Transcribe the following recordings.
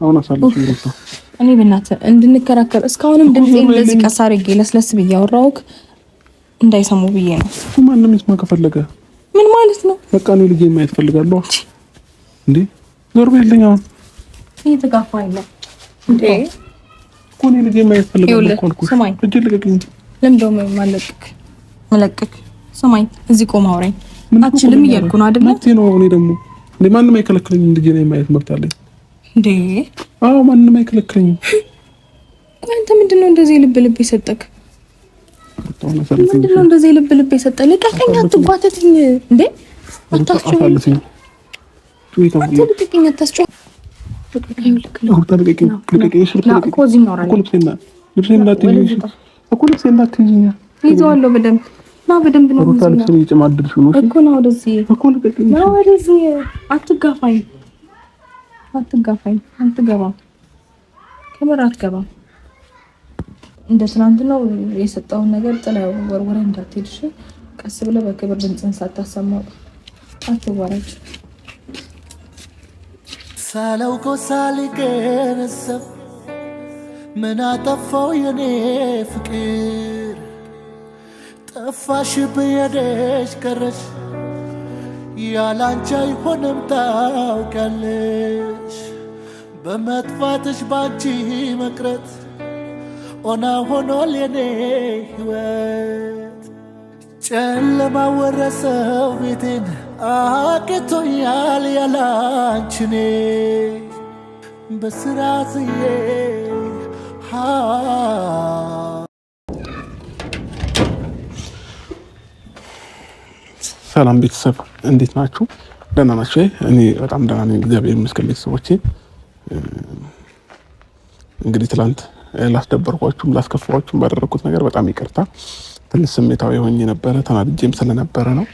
አሁን አሳልፍ እኔ በእናትህ እንድንከራከር እስካሁንም ድምጽ እንደዚህ ቀስ አድርጌ ለስለስ ብዬ አወራሁህ እንዳይሰሙ ብዬ ነው። ማንም ይስማ ከፈለገ ምን ማለት ነው? በቃ እኔ ልጄ ማየት ፈልጋለሁ። እንዴ ዞር በልኝ። አሁን ይሄ ተጋፋኝ እንዴ? ኮኔ ልጄ ማየት ፈልጋለሁ እኮ አልኩህ። ስማኝ፣ እጅ ልቀቅኝ። ለምደው ማለቅክ መለቅክ። ስማኝ፣ እዚህ ቆም አውራኝ። አችልም እያልኩ ነው አይደል? መብቴ ነው። እኔ ደግሞ ማንም አይከለክለኝም። ልጄ ነው የማየት መብት አለኝ። እንዴ? አዎ፣ ማንም አይከለክለኝም። አንተ ምንድን ነው እንደዚህ ልብ ልብ የሰጠክ? ምንድን ነው እንደዚህ ልብ ልብ የሰጠ? ልቀቀኝ፣ አትጓተትኝ። እንዴ ይዘዋለሁ በደንብ ና በደንብ ነው እኮ ና ወደዚህ አትጋፋኝ አትጋፋኝ። አትገባም፣ ከምር አትገባም። እንደ ትናንት ነው የሰጠውን ነገር ጥለ ወርወረ እንዳትሄድሽ። ቀስ ብለ በክብር ድምፅን ሳታሰማው አትዋረጅ። ሳላውቆ ሳልገነዘብ ምን አጠፋው የኔ ፍቅር ጠፋሽ ብዬሽ ቀረሽ ያላንቺ አይሆንም ታውቂያለሽ። በመጥፋትሽ ባንቺ መቅረት ኦና ሆኗል የኔ ሕይወት። ጨለማ ወረሰው ቤቴን አቅቶኛል ያላንችኔ በስራ ዝዬ ሰላም ቤተሰብ እንዴት ናችሁ? ደህና ናችሁ? እኔ በጣም ደህና ነኝ፣ እግዚአብሔር ይመስገን። ቤተሰቦቼ እንግዲህ ትላንት ላስደበርኳችሁም ላስከፋችሁም ባደረግኩት ነገር በጣም ይቅርታ። ትንሽ ስሜታዊ ሆኜ ነበረ፣ ተናድጄም ስለነበረ ነው።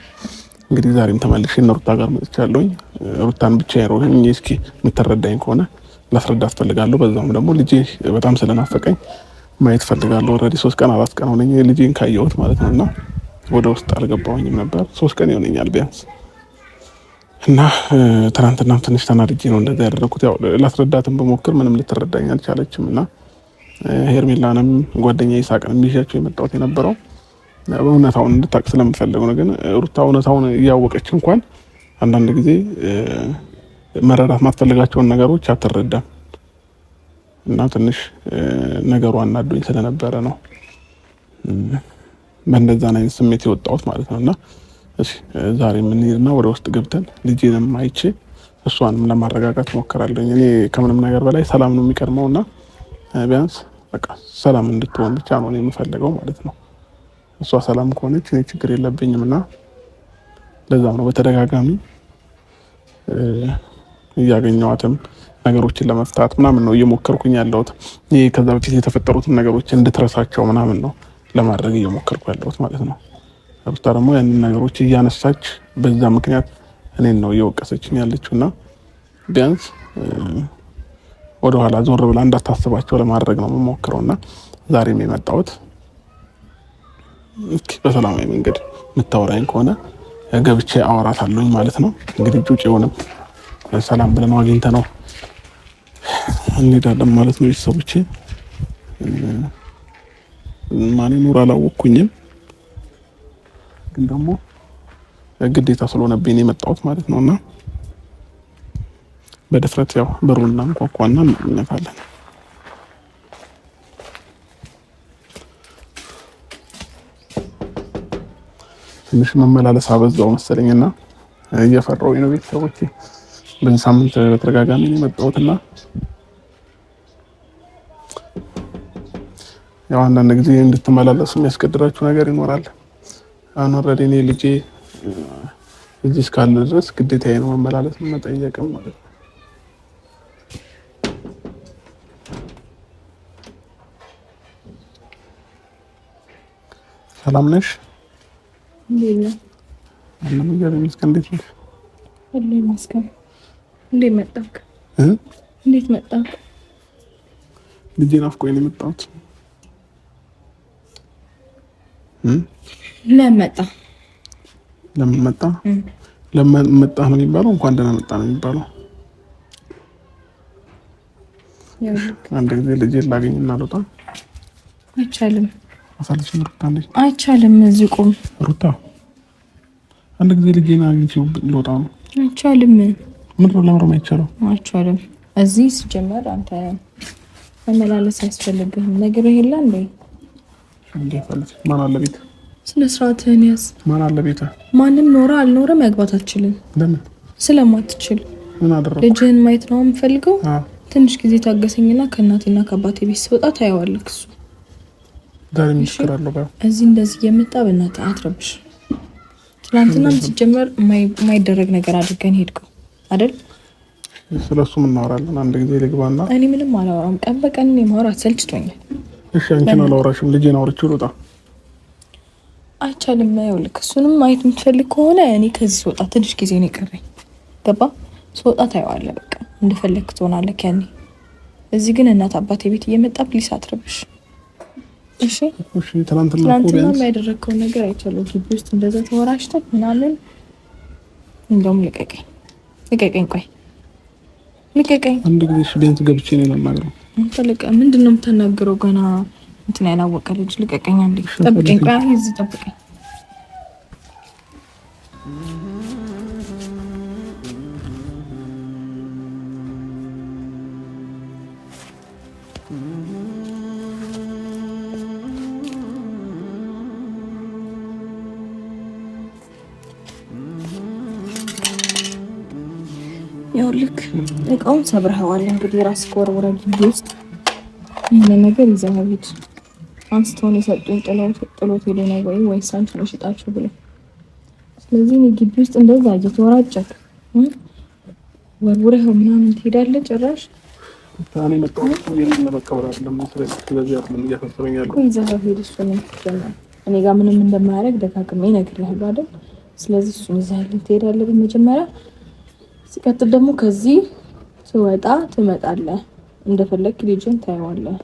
እንግዲህ ዛሬም ተመልሼ እነ ሩታ ጋር መጥቻለሁኝ። ሩታን ብቻ ሮኝ እስኪ የምትረዳኝ ከሆነ ላስረዳ አስፈልጋለሁ። በዛውም ደግሞ ልጄ በጣም ስለናፈቀኝ ማየት ፈልጋለሁ። ኦልሬዲ ሶስት ቀን አራት ቀን ሆነኝ ልጄን ካየሁት ማለት ነው እና ወደ ውስጥ አልገባሁኝም ነበር። ሶስት ቀን ይሆነኛል ቢያንስ እና ትናንትናም ትንሽ ተናድጄ ነው እንደዛ ያደረኩት። ያው ላስረዳትን በሞክር ምንም ልትረዳኝ አልቻለችም። እና ሄርሜላንም ጓደኛ ይሳቅን ይዣቸው የመጣሁት የነበረው እውነታውን እንድታቅ ስለምፈልግ ነው። ግን ሩታ እውነታውን እያወቀች እንኳን አንዳንድ ጊዜ መረዳት ማትፈልጋቸውን ነገሮች አትረዳም። እና ትንሽ ነገሩ አናዶኝ ስለነበረ ነው። በእንደዛን አይነት ስሜት የወጣሁት ማለት ነው እና ዛሬ የምንሄድና ወደ ውስጥ ገብተን ልጅንም አይቼ እሷንም ለማረጋጋት ሞከራለኝ። እኔ ከምንም ነገር በላይ ሰላም ነው የሚቀድመው እና ቢያንስ በቃ ሰላም እንድትሆን ብቻ ነው የምፈልገው ማለት ነው። እሷ ሰላም ከሆነች እኔ ችግር የለብኝም እና ለዛም ነው በተደጋጋሚ እያገኘዋትም ነገሮችን ለመፍታት ምናምን ነው እየሞከርኩኝ ያለሁት። ይህ ከዛ በፊት የተፈጠሩትን ነገሮች እንድትረሳቸው ምናምን ነው ለማድረግ እየሞከርኩ ያለሁት ማለት ነው። ሩታ ደግሞ ያንን ነገሮች እያነሳች በዛ ምክንያት እኔን ነው ያለችው እና ቢያንስ ወደኋላ ዞር ብላ እንዳታስባቸው ለማድረግ ነው የምሞክረውና ዛሬም የመጣሁት በሰላማዊ መንገድ የምታወራኝ ከሆነ ገብቼ አወራታለሁኝ ማለት ነው። እንግዲህ ጩጬውንም ሰላም ብለን አግኝተ ነው እንሄዳለን ማለት ነው ቤተሰቦቼ ማን ኑር አላወቅኩኝም፣ ግን ደግሞ ግዴታ ስለሆነብኝ የመጣሁት ማለት ነውና በድፍረት ያው በሩና እንኳኳና እንመጣለን። ትንሽ መመላለስ አበዛው መሰለኝና እየፈራሁኝ ነው ቤተሰቦቼ። በዚህ ሳምንት በተደጋጋሚ ነው የመጣሁትና ያው አንዳንድ ጊዜ እንድትመላለሱ የሚያስገድራችሁ ነገር ይኖራል። አሁን ኦልሬዲ እኔ ልጄ እዚህ እስካለ ድረስ ግዴታዬ ነው መመላለስ መጠየቅም ማለት ነው። ሰላም ነሽ? አለም እግዚአብሔር ይመስገን። እንዴት ነሽ? ሁሌ ይመስገን። እንዴት መጣክ? እንዴት መጣክ? ልጄ ናፍቆኝ ነው የመጣሁት። ለመጣ ለመጣ ለመጣ ነው የሚባለው። እንኳን ደህና መጣ ነው የሚባለው። አንድ ጊዜ ልጅ ላገኝና ልወጣ አይቻልም። አሳልሽን ሩታ አንዴ አይቻልም። እዚህ ቁም ሩታ። አንድ ጊዜ ልጅ አግኝቼው ልወጣ ነው። አይቻልም። ምን ለምሮ አይቻልም። አይቻልም። እዚህ ሲጀመር አንተ መመላለስ አያስፈልግህም። ነገር ይሄላ እንዴ ማን አለ ቤት? ስነ ስርዓትህን ያዝ። ማን አለ ቤት? ማንም ኖረ አልኖረ መግባት አልችልም። ለምን? ስለማትችል። ምን አደረኩ? ልጅህን ማየት ነው የምፈልገው። ትንሽ ጊዜ ታገሰኝና ከእናቴና ከአባቴ ቤት ስወጣ ታየዋለህ። እሱ ዛሬ ምሽክር እዚህ እንደዚህ እየመጣ በእናትህ አትረብሽ። ትናንትናም ሲጀመር የማይደረግ ነገር አድርገን ሄድከው አይደል? ስለሱም እናወራለን አንድ ጊዜ ልግባና። እኔ ምንም አላወራም። ቀን በቀን የማወራት ሰልችቶኛል። እሺ አንቺን አላወራሽም፣ ልጄን አውርቼው ልውጣ። አይቻልም። ይኸውልህ እሱንም ማየት የምትፈልግ ከሆነ እኔ ከዚህ ስወጣ ትንሽ ጊዜ ነው የቀረኝ። ገባ ስወጣ ታየዋለህ። በቃ እንደፈለግክ ትሆናለህ ያኔ። እዚህ ግን እናት አባቴ ቤት እየመጣ ፕሊስ አትረብሽ። እሺ እሺ። ትናንትና ያደረግከውን ነገር አይቻለሁ። ግቢ ውስጥ እንደዛ ተወራሽተህ ምናምን እንደውም ልቀቀኝ፣ ልቀቀኝ፣ ቆይ ልቀቀኝ። አንድ ጊዜ ሽዴንት ገብቼ ነው የምናግረው ተለቀ ምንድን ነው የምታናገረው? ገና እንትን ያላወቀ ልጅ ልቀቀኛ። እንዴ ጠብቀኝ፣ ቆይ እዚህ ጠብቀኝ። ይኸውልህ እቃውን ሰብረኸዋል። እንግዲህ ራስ ከወርወራ ጊዜ ውስጥ ይህን ነገር ይዘህ ሂድ። አንስተውን የሰጡኝ ጥሎት ሄደ ነው ወይ ወይስ አንቺ ነው ሽጣችሁ ብሎ ስለዚህ እኔ ግቢ ውስጥ እንደዛ እየተወራጨክ ወርውረህ ምናምን ትሄዳለህ። ጭራሽ ይዘህ ሂድ። እሱን እኔ ጋር ምንም እንደማያደርግ ደጋግሜ እነግርልሃለሁ አይደል? ስለዚህ እሱን ይዘህ ሂድ ትሄዳለህ በመጀመሪያ ሲቀጥል ደግሞ ከዚህ ትወጣ ትመጣለህ፣ እንደፈለግ ልጅን ታየዋለህ።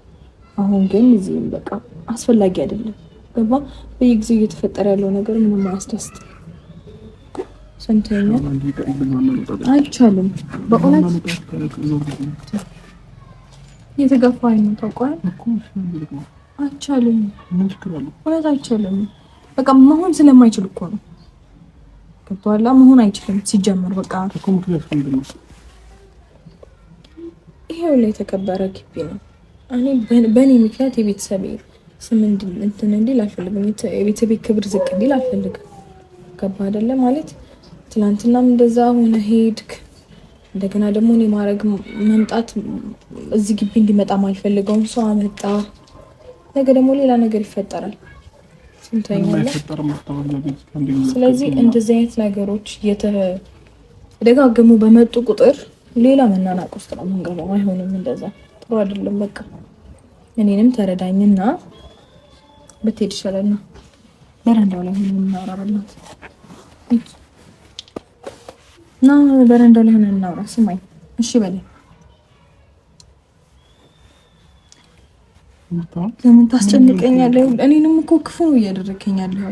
አሁን ግን እዚህም በቃ አስፈላጊ አይደለም። ገባ? በየጊዜው እየተፈጠረ ያለው ነገር ምንም አያስደስት። ስንተኛ አይቻልም። በእውነት እየተገፋኝ ነው። ታውቃለህ፣ አይቻልም። እውነት አይቻልም። በቃ መሆን ስለማይችል እኮ ነው ገብቶሃል? መሆን አይችልም ሲጀመር በቃ ይሄው ላይ የተከበረ ግቢ ነው። እኔ በእኔ ምክንያት የቤተሰቤ ስም እንትን እንዲል አልፈልግም። የቤተሰቤ ክብር ዝቅ እንዲል አልፈልግም። ገባህ አይደለ? ማለት ትናንትናም እንደዛ ሆነ ሄድክ። እንደገና ደግሞ እኔ ማድረግ መምጣት እዚህ ግቢ እንዲመጣ ማልፈልገውም ሰው አመጣ። ነገ ደግሞ ሌላ ነገር ይፈጠራል። ስለዚህ እንደዚህ አይነት ነገሮች የተደጋገሙ በመጡ ቁጥር ሌላ መናናቅ ውስጥ ነው የምንገባው። አይሆንም፣ እንደዛ ጥሩ አይደለም። በቃ እኔንም ተረዳኝና ብትሄድ ይሻላል ነው በረንዳው ላይ ሆነን እናውራበላት እና በረንዳው ላይ ሆነን እናውራ። ስማኝ፣ እሺ በላይ ለምን ታስጨንቀኛለህ? እኔንም እኮ ክፉ ነው እያደረገኛለህ።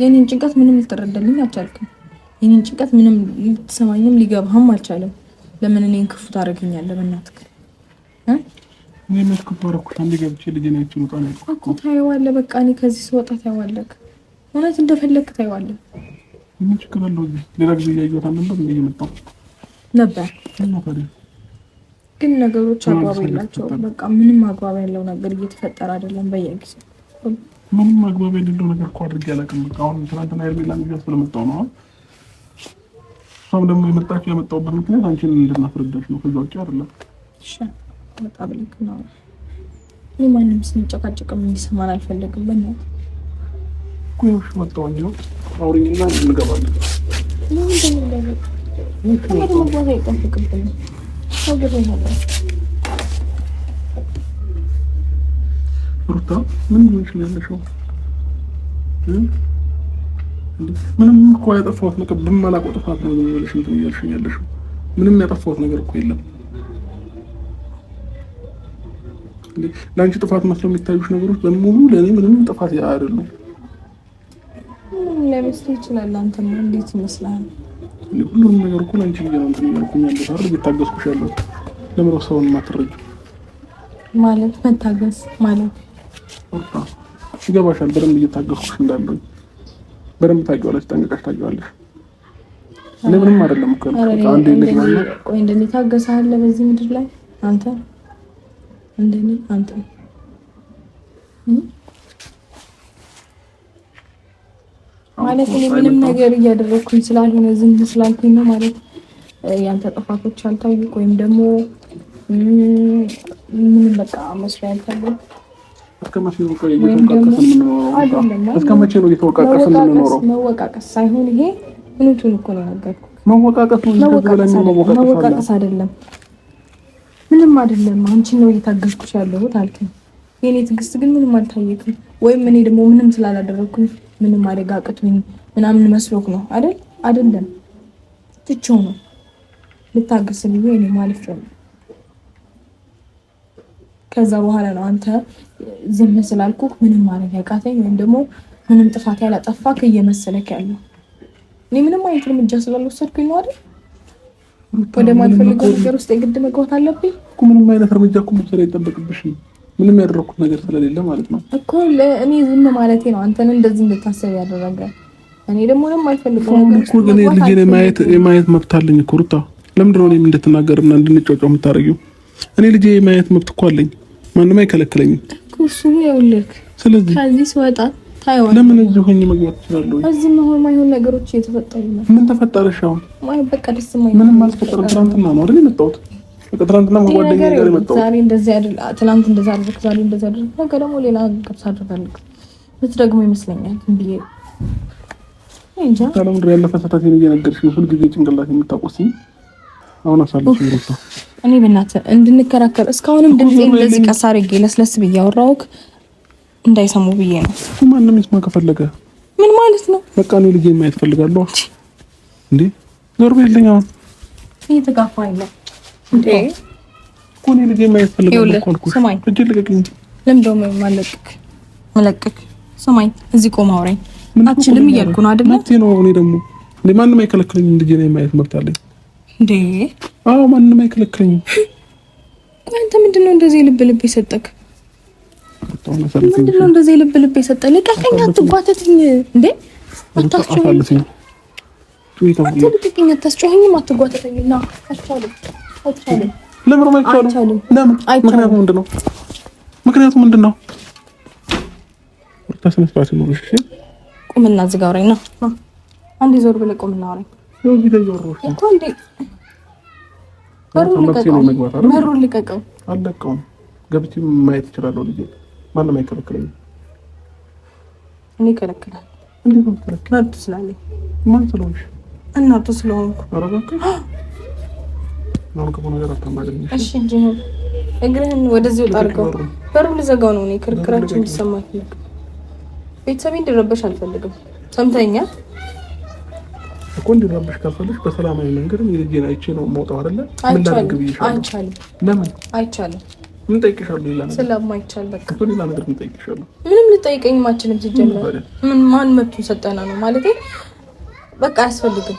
የኔን ጭንቀት ምንም ልትረዳልኝ አልቻልክም። የኔን ጭንቀት ምንም ልትሰማኝም ሊገባህም አልቻለም። ለምን እኔን ክፉ ታደርገኛለህ? በእናትህ እኮ ታየዋለህ። በቃ እኔ ከዚህ ስወጣ ታየዋለህ። እውነት እንደፈለግህ ታየዋለህ። ምን ችግር አለው? ሌላ ጊዜ እያየኋት አልነበር ነበር ግን ነገሮች አግባብ ያላቸው በቃ ምንም አግባብ ያለው ነገር እየተፈጠረ አይደለም። በየጊዜው ምንም አግባብ የሌለው ነገር እኮ አድርጌ አላውቅም። በቃ አሁን ትናንትና ሄርሜላ ይዣት ስለመጣሁ ነው። እሷም ደግሞ የመጣችው የመጣውበት ምክንያት አንቺን እንድናስረዳሽ ነው። ከዛ ውጭ አይደለም። በጣም ልክ ነው። እኔ ማንም ስንጨቃጭቅም እንዲሰማን አልፈለግም። በእናትህ እኮ ይኸውልሽ መጣሁ እንጂ አውሪኝና እንገባለን። ለምን ደግሞ መግባት አይጠብቅብንም ሩታ ምን ሆንሽ ነው ያለሽው? ምንም እኮ ያጠፋሁት ነገር በማላውቀው ጥፋት ነው ብለሽ እንትን እያልሽኝ ያለሽው። ምንም ያጠፋሁት ነገር እኮ የለም። ለአንቺ ጥፋት መስለው የሚታዩሽ ነገሮች በሙሉ ለእኔ ምንም ጥፋት አይደሉም። ለሚስቱ ይችላል። አንተማ እንዴት ይመስላል? ሁሉንም ነገር እኮ አንቺ ብዬሽ ነው እንትን እያልኩኝ ያለሁት አይደል? እየታገስኩሽ ያለሁት ለምን ሰውን ማትረጅ ማለት መታገስ ማለት ይገባሻል። በደንብ እየታገስኩሽ እንዳለሁኝ በደንብ ታውቂዋለሽ፣ ጠንቅቀሽ ታውቂዋለሽ። እኔ ምንም አይደለም እኮ ያልኩት አንዴ ልግባና ቆይ። እንደኔ ታገሳለህ በዚህ ምድር ላይ አንተ እንደኔ አንተ ማለት እኔ ምንም ነገር እያደረግኩኝ ስላልሆነ ዝም ስላልኩኝ ነው ማለት ያንተ ጥፋቶች አልታዩ ወይም ደግሞ ምንም በቃ መስሎ ያልታዩ። እስከ መቼ ነው እየተወቃቀስ የምንኖረው? መወቃቀስ ሳይሆን ይሄ እውነቱን እኮ ነው ያልኩህ። መወቃቀስ መወቃቀስ አይደለም፣ ምንም አይደለም። አንቺን ነው እየታገዝኩሽ ያለሁት አልከኝ የኔ ትዕግስት ግን ምንም አልታየክም። ወይም እኔ ደግሞ ምንም ስላላደረግኩኝ ምንም አደጋ አቅቶኝ ምናምን መስሎክ ነው አይደል? አይደለም፣ ትቼው ነው ልታገስ ብዬ እኔ ማለፍ ነው። ከዛ በኋላ ነው አንተ ዝም ስላልኩ ምንም ማለት ያቃተኝ ወይም ደግሞ ምንም ጥፋት ያላጠፋክ እየመሰለክ ያለው እኔ ምንም አይነት እርምጃ ስላልወሰድኩኝ ነው አይደል? ወደ ማልፈልገው ነገር ውስጥ የግድ መግባት አለብኝ። ምንም አይነት እርምጃ እኮ መውሰድ አይጠበቅብሽም ምንም ያደረኩት ነገር ስለሌለ ማለት ነው እኮ እኔ ዝም ማለቴ ነው አንተን እንደዚህ እንድታሰብ ያደረገ። እኔ ደግሞ ምንም አልፈልግም እኮ ግን ልጄን የማየት መብት አለኝ እኮ ሩታ፣ ለምንድን ነው እኔም እንድትናገርና እንድንጫጫው የምታደርጊው? እኔ ልጄ የማየት መብት እኮ አለኝ፣ ማንም አይከለክለኝም። እሱ ይኸውልህ፣ ስለዚህ ከዚህ ስወጣ ለምን እዚህ ሆኜ መግባት እችላለሁ? እዚህ መሆን ማይሆን ነገሮች እየተፈጠሩ ነው። ምን ተፈጠረሽ? አሁን ማይ በቃ ደስ ማይ ምንም አልተፈጠረም። ትናንትና ነው አይደል የመጣሁት ትናንትና ጓደኛ ጋር የመጣሁት ዛሬ እንደዚህ አይደል፣ ትናንት እንደዛ ደግሞ ሌላ ገብስ አድርጋለሁ ደግሞ ይመስለኛል ብዬ እንጃ። ምድር ያለፈ ሰታቴን እየነገርሽኝ ሁልጊዜ ጭንቅላት የምታቆስ አሁን አሳልፍ ይሩታ እኔ በእናትህ እንድንከራከር እስካሁንም ድምጼ እንደዚህ ቀስ አድርጌ ለስለስ ብዬ አወራሁህ እንዳይሰሙ ብዬ ነው። ማንም ይስማ ከፈለገ ምን ማለት ነው? በቃ እኔ ልጄ የማያስፈልጋለሁ እንዴ ዞር በለኝ። ይህ እየተጋፋ አይደለም ስማኝ፣ እዚህ ቆም አውራኝ። አችልም ማንም አይከለክለኝም። ልጄ የማየት መብት አለኝ። አዎ፣ ማንም አይከለክለኝም። አንተ ምንድን ነው እንደዚህ ልብ ልብ የሰጠክ? ምንድን ነው እንደዚህ ልብ ልብ የሰጠ? ልቀቀኝ፣ አትጓተትኝ። እንዴ! አታስጮኸኝም፣ አትጓተተኝም። ና አልቻለም አይቻልም። ለምን አይቻልም? ለምን? ምክንያቱ ምንድን ነው? ምክንያቱ ምንድን ነው? ቁምና እዚህ ጋር አውሪኝ ነው። አንዴ ዞር ብለህ ቁምና አውሪኝ እኮ ልቀቀው። አልለቀውም። ገብቼ ማየት እችላለሁ። ልጄ ማንም አይከለክለኝም። እኔ ይከለክላል። እንዴት ነው ትላለህ? ማን እናቱ ስለሆንኩ አሁን ክፉ ነገር አታማግኝ እሺ። እንጂ እግርህን ወደዚህ ወጣ አድርገው። በሩ ልዘጋው ነው እኔ ክርክራችን እንዲሰማ ቤተሰቤ እንዲረበሽ አልፈልግም። ሰምተኛል እኮ እንዲረበሽ ካልፈልሽ በሰላማዊ መንገድ የልጄን አይቼ ነው የማውጣው አይደለ? ምን ላድርግ ብዬሽ አይቻልም። ለምን አይቻልም? ምን ጠይቅሻለሁ? ሌላ ነገር ስለማይቻል በቃ ሌላ ነገር ምን ጠይቅሻለሁ? ምንም ልጠይቀኝ ማችንም ሲጀመር ምን ማን መብቱን ሰጠና ነው ማለቴ በቃ አያስፈልግም።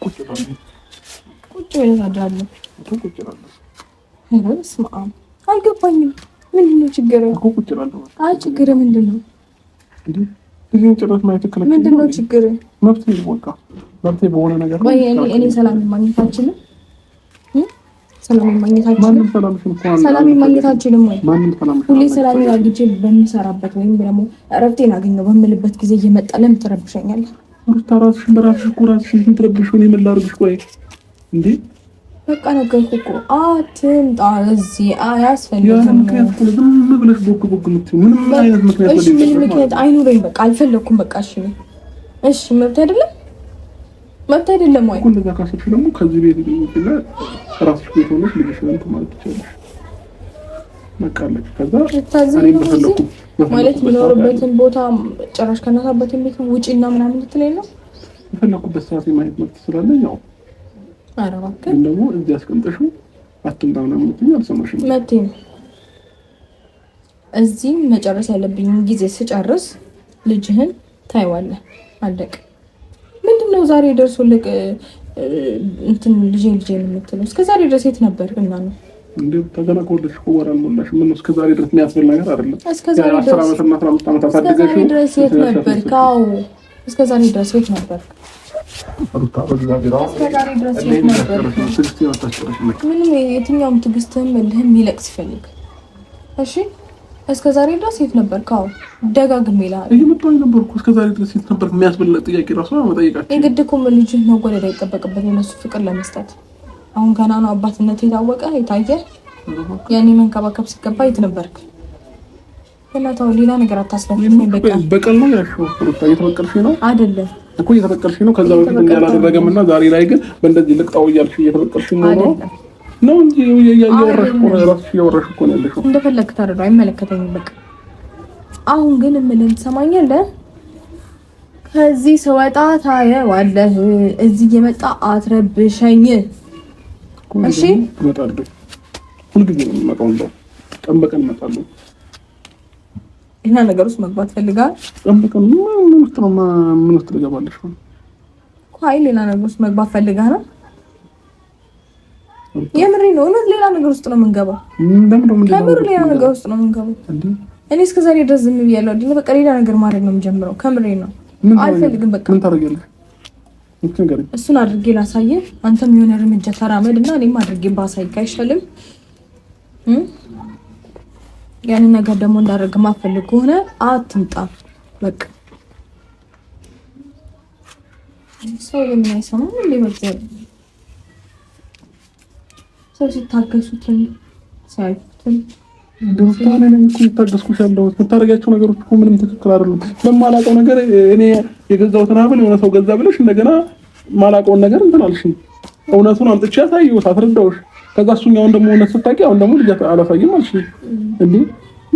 ቁጭ ብለታዳለሁ። በስመ አብ አልገባኝም። ምንድን ነው ችግር? አይ ችግር ምንድን ነው? ምንድን ነው ችግር? መብቴ በሆነ ነገር እኔ ሰላም ማግኘት አልችልም። ሰላም ማግኘት አልችልም ወይ? ሁሌ ሰላም አግኝቼ በምሰራበት ወይም ደግሞ እረፍቴን አገኘው በምልበት ጊዜ እየመጣ ለምን ትረብሸኛለህ? እኮ ትረብሽ ቆይ በቃ ነገርኩህ እኮ አትምጣ እዚህ አያስፈልግም። ምንም ምክንያት በቃ አልፈለኩም። በቃ እሺ እሺ መብት አይደለም መብት አይደለም ወይ? እንደዛ ካሰብሽ ደግሞ ከዚህ ቤት ራስሽ ቤት ሆነሽ ልጅሽን ማለት ትችላለሽ። መቃለች ከዛ ማለት የሚኖርበትን ቦታ ጭራሽ ከነሳበትን ቤት ውጪና ምናምን ልትለኝ ነው። የፈለኩበት ሰዓት የማየት መብት ስላለኝ ያው ግን ደግሞ እዚህ አስቀምጠሽው አትምጣ ምናምን ልትይኝ አልሰማሽም። መብቴ ነው። እዚህ መጨረስ ያለብኝ ጊዜ ስጨርስ ልጅህን ታይዋለህ። አለቀ። ምንድን ነው ዛሬ ደርሶልህ እንትን ልጄ ልጄ የምትለው? እስከ ዛሬ ድረስ የት ነበር? እና ነው እንዴት ተገናቆልሽ? ምን እስከ ዛሬ ድረስ የሚያስብል ነገር አይደለም። እስከ ዛሬ ድረስ የት ነበር? ካው እስከ ዛሬ ድረስ የት ነበር? ምንም የትኛውም ትዕግስትህም እልህም ይለቅ ሲፈልግ እሺ እስከ ዛሬ ድረስ የት ነበር? ካው ደጋግሜ ይላል። እየመጣሁ ነበር እኮ። እስከ ዛሬ ድረስ የት ነበር የሚያስብል ጥያቄ ራሱ መጠየቃቸው የግድ እኮ ልጅ መወለድ አይጠበቅበት የነሱ ፍቅር ለመስጠት አሁን ገና ነው አባትነት የታወቀ የታየ። ያኔ መንከባከብ ሲገባ የት ነበርክ? በእናትህ ሌላ ነገር አታስበቀል በቀል ነው ያልሺው እየተበቀልሽ ነው አደለም እኮ እየተበቀልሽ ነው። ከዛ በፊት እንዳላደረገም እና ዛሬ ላይ ግን በእንደዚህ ልቅጣው እያልሽ እየተበቀልሽ ነው ነው ነው እንጂ እያወራሽ ታደርገው አይመለከተኝም። በቃ አሁን ግን የምልህ ትሰማኛለህ? ከዚህ ስወጣ ታየዋለህ። እዚህ እየመጣ አትረብሸኝ፣ እሺ? እመጣለሁ። እና ነገር ውስጥ መግባት ፈልጋል። ምን ምን ሌላ ነገር ውስጥ መግባት ፈልጋ ነው የምሬ ነው። እውነት ሌላ ነገር ውስጥ ነው የምንገባው። ከምር ሌላ ነገር ውስጥ ነው የምንገባው። እኔ እስከ ዛሬ ድረስ ዝም ብያለሁ። ዲ በቃ ሌላ ነገር ማድረግ ነው የምጀምረው። ከምሬ ነው። አልፈልግም። በቃ እሱን አድርጌ ላሳየ፣ አንተም የሆነ እርምጃ ተራመድ እና እኔም አድርጌ ባሳይ አይሻልም? ያንን ነገር ደግሞ እንዳደርግ ማፈልግ ከሆነ አትምጣ። በቃ ሰው ለምን አይሰማም? ሰው ሲታገሱትም ሲያዩትም ብሩታን እኔ እኮ ነገሮች እኮ ምንም ትክክል አይደሉም። ነገር እኔ የገዛሁትን ሀብል የሆነ ሰው ገዛ ብለሽ እንደገና ማላውቀውን ነገር እንትን እውነቱን አምጥቼ አሳየሁት፣ አስረዳሁሽ። ከዛ እሱኛውን ደግሞ እውነት አሁን ደግሞ ልጅ አላሳይም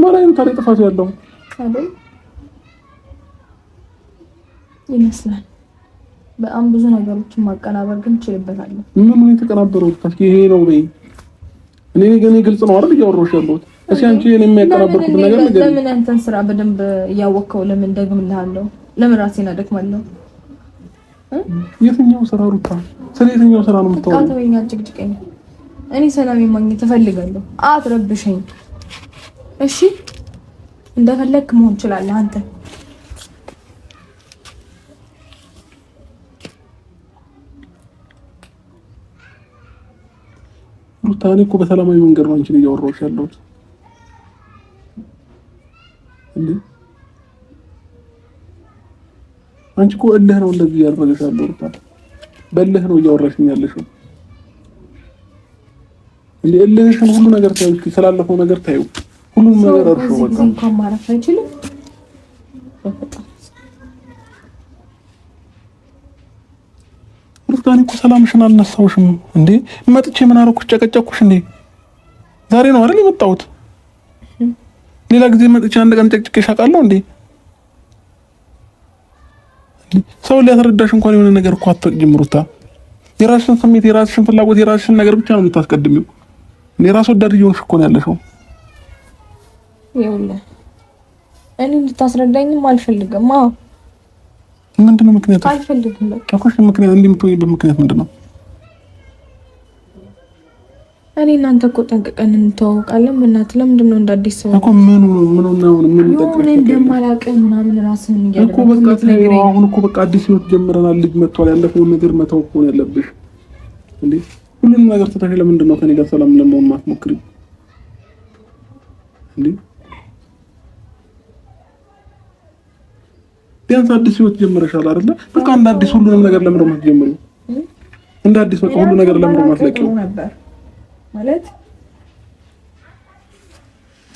ማን አይነት ታዲያ ጥፋት ያለው ይመስላል በጣም ብዙ ነገሮችን ማቀናበር ግን እችልበታለሁ። ምን ነው የተቀናበረው? ይሄ ነው እኔ እኔ ግን ግልጽ ነው አይደል እያወራሁሽ ያለሁት። እስኪ አንቺ እኔ የሚያቀናበርኩት ነገር ነገር ለምን አንተን ስራ በደንብ እያወቅኸው ለምን ደግምልሃለሁ? ለምን ራሴን አደክማለሁ? የትኛው ስራ ሩታ? ስለ የትኛው ስራ ነው የምታወራው? ታውኛ ጭቅጭቀኝ። እኔ ሰላም ማግኘት እፈልጋለሁ። አትረብሸኝ እሺ። እንደፈለግክ መሆን ትችላለህ አንተ ሩታ፣ እኔ እኮ በሰላማዊ መንገድ ነው አንቺን እያወራሁሽ ያለሁት። እንዴ አንቺ እኮ እልህ ነው እንደዚህ እያደረገሽ ያለው ሩታ፣ በእልህ ነው እያወራሽኝ ያለሽው። እንዴ እልህሽን ሁሉ ነገር ታዩ፣ ስላለፈው ነገር ታዩ፣ ሁሉም ነገር እርሾ በቃ እኮ ሰላም እኮ ሰላምሽን አልነሳውሽም እንዴ! መጥቼ ምን አደረኩሽ? ጨቀጨኩሽ እንዴ? ዛሬ ነው አይደል የመጣሁት? ሌላ ጊዜ መጥቼ አንድ ቀን ጨቅጭቄሽ አውቃለሁ እንዴ? ሰው ሊያስረዳሽ እንኳን የሆነ ነገር እኮ አትፈቅጂም ሩታ። የራስሽን ስሜት፣ የራስሽን ፍላጎት፣ የራስሽን ነገር ብቻ ነው የምታስቀድሚው። የራስ ወዳድ እየሆንሽ እኮ ነው ያለሽው። ይኸውልህ እኔ እንድታስረዳኝም አልፈልግም። አዎ ምንድን ነው ምክንያቱ? አይፈልግም። በቃ እኮ ምክንያት እንዲህ የምትሆኝበት ምክንያት ምንድን ነው? እኔ እናንተ እኮ ጠንቅቀን እንተዋወቃለን። በእናትህ ለምንድን ነው እንዳዲስ ሰው እኮ ምን ምን ነው ምን ምን እንደማላውቅ ምናምን ራስን እያለ እኮ በቃ ተይው። አሁን እኮ በቃ አዲስ ህይወት ጀምረናል። ልጅ መጥቷል። ያለፈውን ነገር መተው እኮ ነው ያለብሽ። እንዴ ሁሉንም ነገር ትተሽ ለምንድን ነው ከኔ ጋር ሰላም ለመሆን የማትሞክሪው እንዴ? ቢያንስ አዲስ ህይወት ጀምረሻል አይደለ? በቃ እንደ አዲስ ሁሉንም ነገር ለምንድን ነው እንደ አዲስ በቃ ሁሉ ነገር ለምንድን ነው ማለት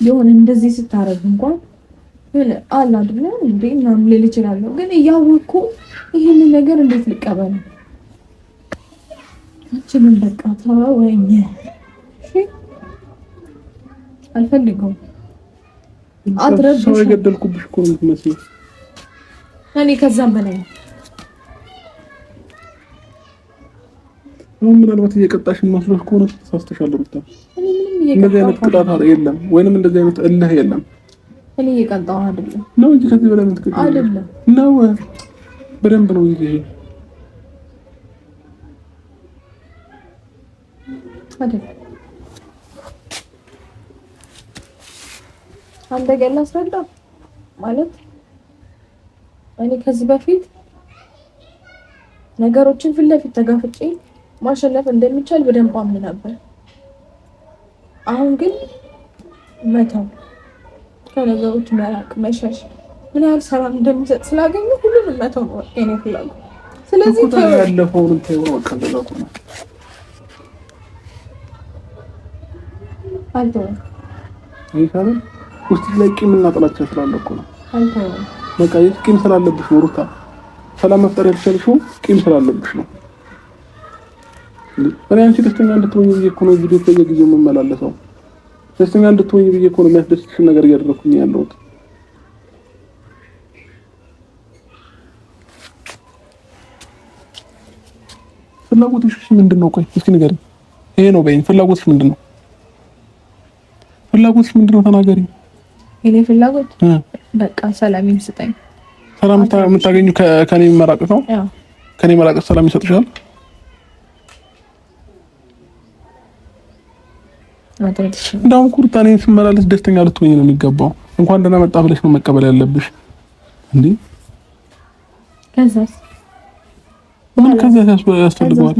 የሆነ እንደዚህ ስታረግ እንኳን ምን አላ አይደለ እንዴ ምናምን ልል እችላለሁ፣ ግን እያወቅኩ ይሄን ነገር እንዴት ልቀበል አችንን? በቃ ተወኝ፣ እሺ አልፈልገውም። አትረብሽ። ሰው የገደልኩብሽ እኮ ነው የምትመስለው እኔ ከዛም በላይ ነው። አሁን ምናልባት እየቀጣሽ መስሎሽ ከሆነ ተሳስተሻል። ሩታ እንደዚህ አይነት ቅጣት የለም ወይንም እንደዚህ አይነት እልህ የለም። እኔ እየቀጣሁ አይደለም ነው እንጂ ከዚህ በላይ ምትቀጣ አይደለም ነው። በደንብ ነው ይሄ አንተ ገና አስረዳ ማለት እኔ ከዚህ በፊት ነገሮችን ፊት ለፊት ተጋፍጬ ማሸነፍ እንደሚቻል በደንብ አምን ነበር። አሁን ግን መተው፣ ከነገሮች መራቅ፣ መሸሽ ምን ያህል ሰላም እንደሚሰጥ ስላገኘ ሁሉንም መተው ነው የእኔ ፍላጎት። ስለዚህ ያለፈውን ተወቀለቁ አልተወ ይካሉ ውስጥ ላይ ቂምና ጥላቻ ስላለ እኮ ነው አልተወ በቃ ቂም ስላለብሽ ነው ሩታ። ሰላም መፍጠር ያልቻልሽው ቂም ስላለብሽ ነው። እኔ አንቺ ደስተኛ እንድትሆኝ ብዬ እኮ ነው ቪዲዮ በየጊዜው የምመላለሰው። ደስተኛ እንድትሆኝ ብዬ እኮ ነው የሚያስደስትሽን ነገር እያደረኩኝ ያለሁት። ፍላጎትሽ ምንድን ነው? ቆይ እስኪ ንገሪኝ። ይሄ ነው በይኝ። ፍላጎትሽ ምንድን ነው? ፍላጎትሽ ምንድን ነው? ተናገሪኝ። እኔ ፍላጎት በቃ ሰላም ስጠኝ። ሰላም የምታገኙ ከኔ መራቅ ነው። ከኔ መራቅ ሰላም ይሰጥሻል። እንዳውም ኩርታ እኔ ስመላለስ ደስተኛ ልትሆኝ ነው የሚገባው። እንኳን ደህና መጣ ብለሽ ነው መቀበል ያለብሽ። እንዴ ከዛስ ምን ከዛስ ያስፈልገዋል?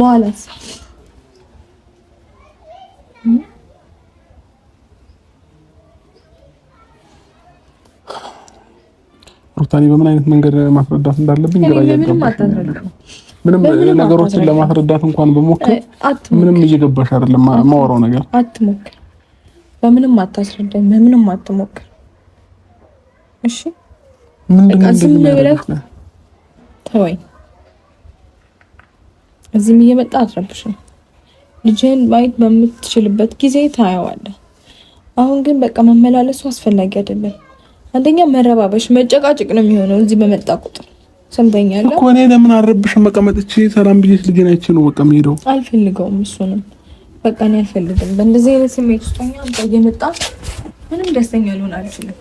ሩታኔ በምን አይነት መንገድ ማስረዳት እንዳለብኝ ግራ ምንም ነገሮችን ለማስረዳት እንኳን በሞክር ምንም እየገባሽ አይደለም። ማወራው ነገር አትሞክር፣ በምንም አታስረዳኝ፣ በምንም አትሞክር። እሺ ተወኝ። እዚህም እየመጣ አትረብሽ። ልጅህን ማየት በምትችልበት ጊዜ ታየዋለህ። አሁን ግን በቃ መመላለሱ አስፈላጊ አይደለም። አንደኛ መረባበሽ፣ መጨቃጭቅ ነው የሚሆነው እዚህ በመጣ ቁጥር። ሰምተኛለሁ እኮ እኔ ለምን አረብሽ መቀመጥ ሰላም ብዬሽ ልጄን አይቼ ነው በቃ የምሄደው። አልፈልገውም እሱንም በቃ እኔ አልፈልግም። በእንደዚህ አይነት ስሜት ውስጥ ሆኛ እየመጣ ምንም ደስተኛ ልሆን አልችልም።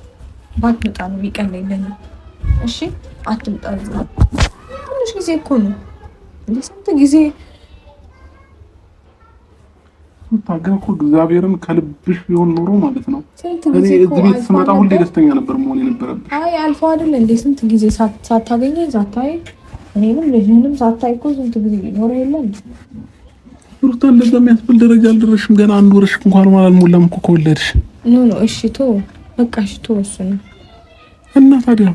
ባትመጣ ነው የሚቀለኝ ለእኔ። እሺ አትምጣ። ትንሽ ጊዜ እኮ ነው እንደ ስንት ጊዜ ስታገር እኮ እግዚአብሔርን ከልብሽ ቢሆን ኖሮ ማለት ነው። እኔ እዚህ ቤት ስመጣ ሁሌ ደስተኛ ነበር መሆን የነበረብሽ። አይ አልፎ አይደል እንዴ? ስንት ጊዜ ሳታገኘ ሳታይ፣ እኔንም ልጅንም ሳታይ እኮ ስንት ጊዜ ሊኖረ የለን ሩታ እንደዛ የሚያስብል ደረጃ አልደረሽም። ገና አንድ ወርሽ እንኳን አልሞላም እኮ ከወለድሽ። ኖ ኖ። እሺ ቶ በቃ እሺ ቶ ነው እና ታዲያ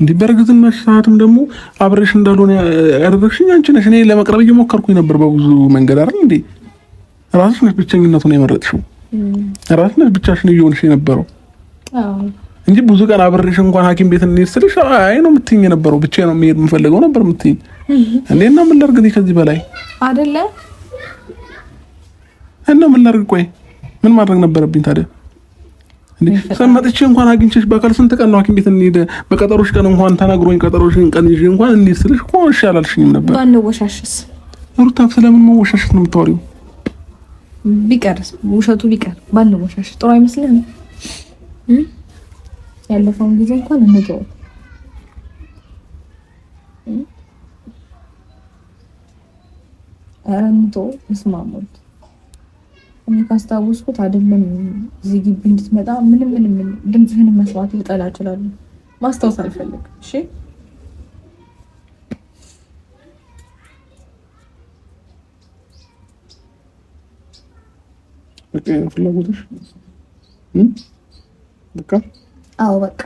እንዲህ በእርግዝና ሰዓትም ደግሞ አብረሽ እንዳልሆነ ያደረግሽኝ አንቺ ነሽ። እኔ ለመቅረብ እየሞከርኩኝ ነበር በብዙ መንገድ አይደል እንዴ? ራስሽ ነሽ ብቸኝነቱን የመረጥሽው፣ ራስሽ ነሽ ብቻሽን እየሆንሽ የነበረው እንጂ ብዙ ቀን አብሬሽ እንኳን ሐኪም ቤት እንሄድ ስልሽ አይ ነው የምትይኝ የነበረው። ብቻ ነው የምሄድ የምፈልገው ነበር የምትይኝ። እና ምን ላድርግ እኔ ከዚህ በላይ አይደለ እና ምን ላድርግ? ቆይ ምን ማድረግ ነበረብኝ ታዲያ? ሰመጥቼ እንኳን አግኝቼሽ በአካል ስንት ቀን ነው ሐኪም ቤት እንሂድ በቀጠሮሽ ቀን እንኳን ተናግሮኝ ቀጠሮሽን ቀን ይዤ እንኳን እንሂድ ስልሽ እኮ እሺ አላልሽኝም ነበር። ባንወሻሽስ ሩታ ስለምን መወሻሸት ነው የምታወሪው? ቢቀርስ ውሸቱ ቢቀር ባንወሻሽ ጥሩ አይመስልህም? ያለፈውን ጊዜ እንኳን እንገው አረምቶ ምስማሙት ካስታወስኩት አይደለም እዚህ ግቢ እንድትመጣ ምንም ምንም ድምፅህን መስዋዕት ልጠላ እችላለሁ። ማስታወስ አልፈልግም። እሺ ፍላጎትሽ በቃ አዎ፣ በቃ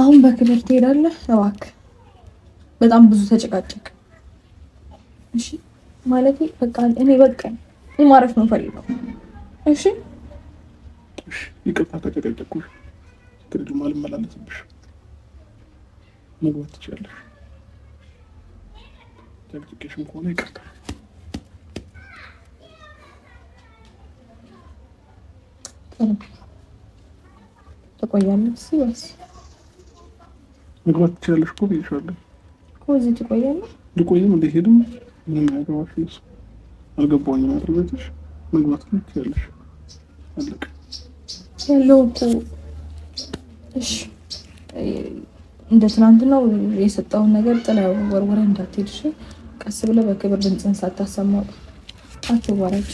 አሁን በክብር ትሄዳለህ። እባክህ በጣም ብዙ ተጨቃጨቅ። እሺ ማለቴ በቃ እኔ በቃ ማረፍ ነው ፈልገው። እሺ ይቅርታ ከተገደኩሽ፣ ግድም አልመላለስብሽ። መግባት ትችላለሽ። ተግጥቄሽም ከሆነ ይቅርታ። ትቆያለሽ ሲወስ መግባት ትችላለሽ እኮ ብዬሻለሁ እኮ እዚህ ትቆያለሽ። ልቆይም እንደሄድም ምንም አያገባሽም እሱ አልገባኝም። አቶ ቤትሽ መግባት ያለሽ። እሺ። እንደ ትናንት ነው የሰጠውን ነገር ጥላ እንዳትሄድሽ። ቀስ ብለ በክብር ድምፅን ሳታሰማው አትዋራጭ።